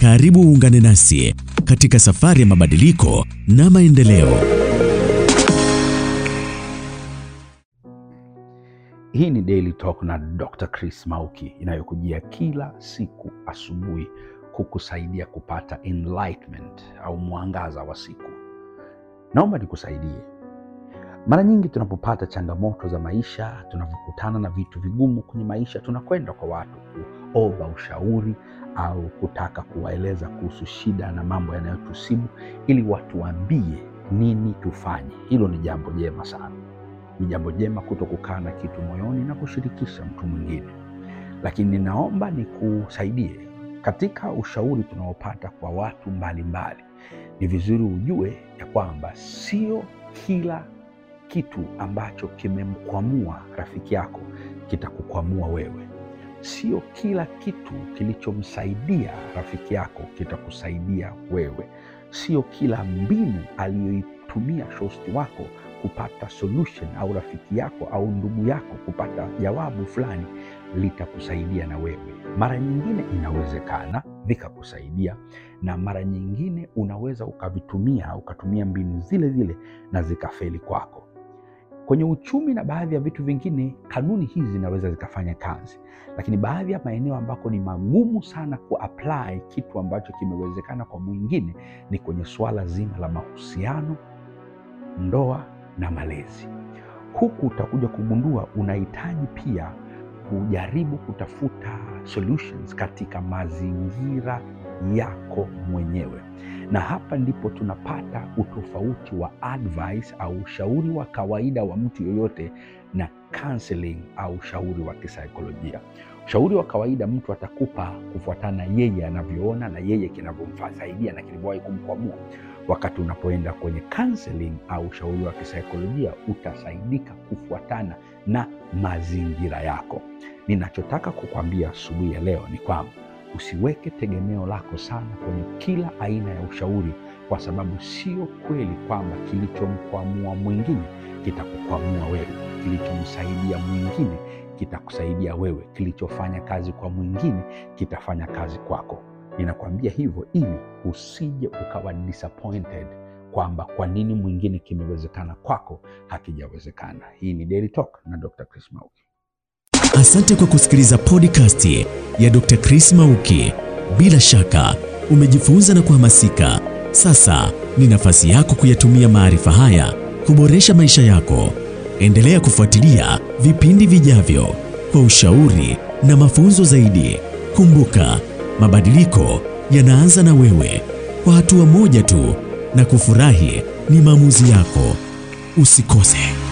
Karibu uungane nasi katika safari ya mabadiliko na maendeleo. Hii ni Daily Talk na Dr. Chris Mauki inayokujia kila siku asubuhi kukusaidia kupata enlightenment au mwangaza wa siku. Naomba nikusaidie mara nyingi tunapopata changamoto za maisha, tunapokutana na vitu vigumu kwenye maisha, tunakwenda kwa watu kuomba ushauri au kutaka kuwaeleza kuhusu shida na mambo yanayotusibu ili watuambie nini tufanye. Hilo ni jambo jema sana. Ni jambo jema kuto kukaa na kitu moyoni na kushirikisha mtu mwingine, lakini ninaomba nikusaidie katika ushauri tunaopata kwa watu mbalimbali mbali. Ni vizuri ujue ya kwamba sio kila kitu ambacho kimemkwamua rafiki yako kitakukwamua wewe. Sio kila kitu kilichomsaidia rafiki yako kitakusaidia wewe. Sio kila mbinu aliyoitumia shosti wako kupata solution au rafiki yako au ndugu yako kupata jawabu fulani litakusaidia na wewe. Mara nyingine inawezekana vikakusaidia, na mara nyingine unaweza ukavitumia ukatumia mbinu zile zile na zikafeli kwako. Kwenye uchumi na baadhi ya vitu vingine, kanuni hizi zinaweza zikafanya kazi, lakini baadhi ya maeneo ambako ni magumu sana kuapply kitu ambacho kimewezekana kwa mwingine ni kwenye suala zima la mahusiano, ndoa na malezi. Huku utakuja kugundua unahitaji pia kujaribu kutafuta solutions katika mazingira yako mwenyewe. Na hapa ndipo tunapata utofauti wa advice au ushauri wa kawaida wa mtu yoyote na counseling au ushauri wa kisaikolojia. Ushauri wa kawaida mtu atakupa kufuatana yeye anavyoona na yeye zaidia na kilivyowahi kumkwamua. Wakati unapoenda kwenye counseling au ushauri wa kisaikolojia, utasaidika kufuatana na mazingira yako. Ninachotaka kukwambia asubuhi ya leo ni kwamba Usiweke tegemeo lako sana kwenye kila aina ya ushauri, kwa sababu sio kweli kwamba kilichomkwamua mwingine kitakukwamua wewe. Kilichomsaidia mwingine kitakusaidia wewe. Kilichofanya kazi kwa mwingine kitafanya kazi kwako. Ninakwambia hivyo ili usije ukawa disappointed kwamba kwa nini mwingine kimewezekana kwako hakijawezekana. Hii ni Daily Talk na Dr. Chris Mauki. Asante kwa kusikiliza podcast ya Dr. Chris Mauki. Bila shaka umejifunza na kuhamasika. Sasa ni nafasi yako kuyatumia maarifa haya kuboresha maisha yako. Endelea kufuatilia vipindi vijavyo kwa ushauri na mafunzo zaidi. Kumbuka, mabadiliko yanaanza na wewe, kwa hatua moja tu, na kufurahi ni maamuzi yako. Usikose.